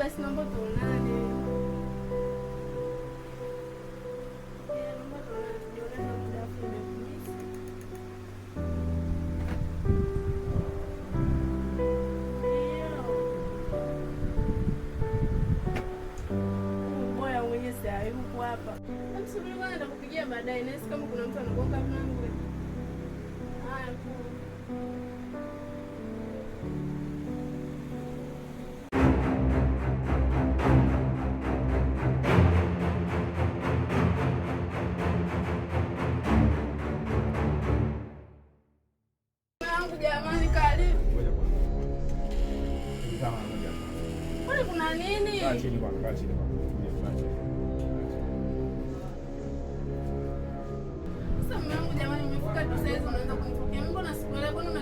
best n u m b e to n a n e baadaye, nasi kama kuna mtu anagonga mlango. Haya, jamani, karibu. Kuna nini?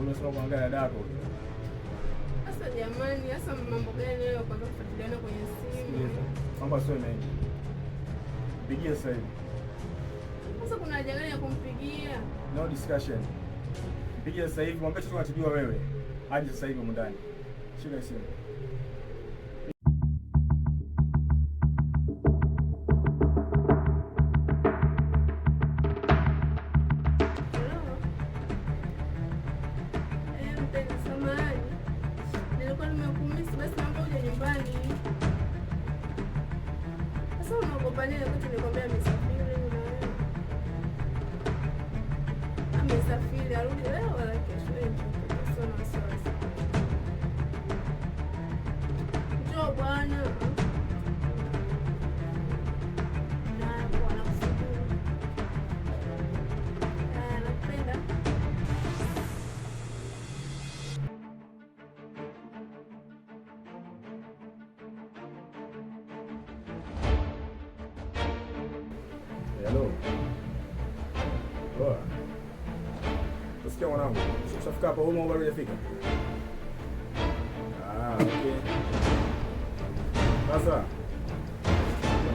Unasema kwa gani dadako? Sasa jamani, sasa mambo gani leo kwa kufuatiliana kwenye simu? Mambo sio mengi. Pigia sasa hivi. Sasa kuna haja gani ya kumpigia? No discussion. Pigia sasa hivi, mwambie tunatibiwa wewe. Aje sasa hivi mundani. Shika simu. mahali nilikuwa nimekumisi, basi naomba uje nyumbani. Sasa unaogopa nini? Wakati nilikwambia amesafiri, amesafiri, ah, arudi leo wala kesho. Sasa na wasiwasi, njoo bwana. Hello. Poa. Usikia mwanangu, ushafika hapa humo bado hujafika? Ah, okay. Sasa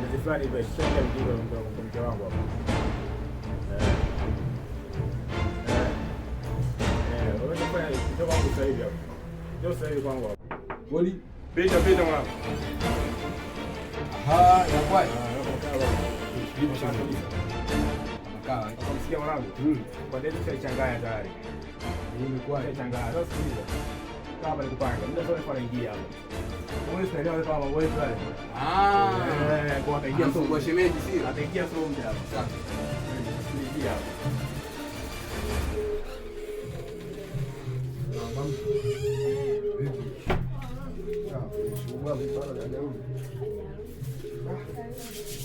mwezi fulani hivi shenge mjinga kwa mke wangu hapa. Eh. Eh. Eh, wewe unafanya nini? Ndio wangu sasa hivi hapa. Ndio sasa hivi kwangu hapa. Goli. Pita pita mwanangu. Aha, ya kwani? Eh. Sikia mwanangu, hmm. kwa nini tusichanganya tayari? Imekuwa changanya. Sasa sikiliza. Kama ni kupanga, muda sasa anaingia hapo. Wewe sasa leo kama wewe pale. Ah. Eh, kwa kaingia sio kwa shemeji sio. Ataingia sio muda hapo. Sasa. Ingia hapo. Vipi? Ah, shughuli mbaya leo. Ah.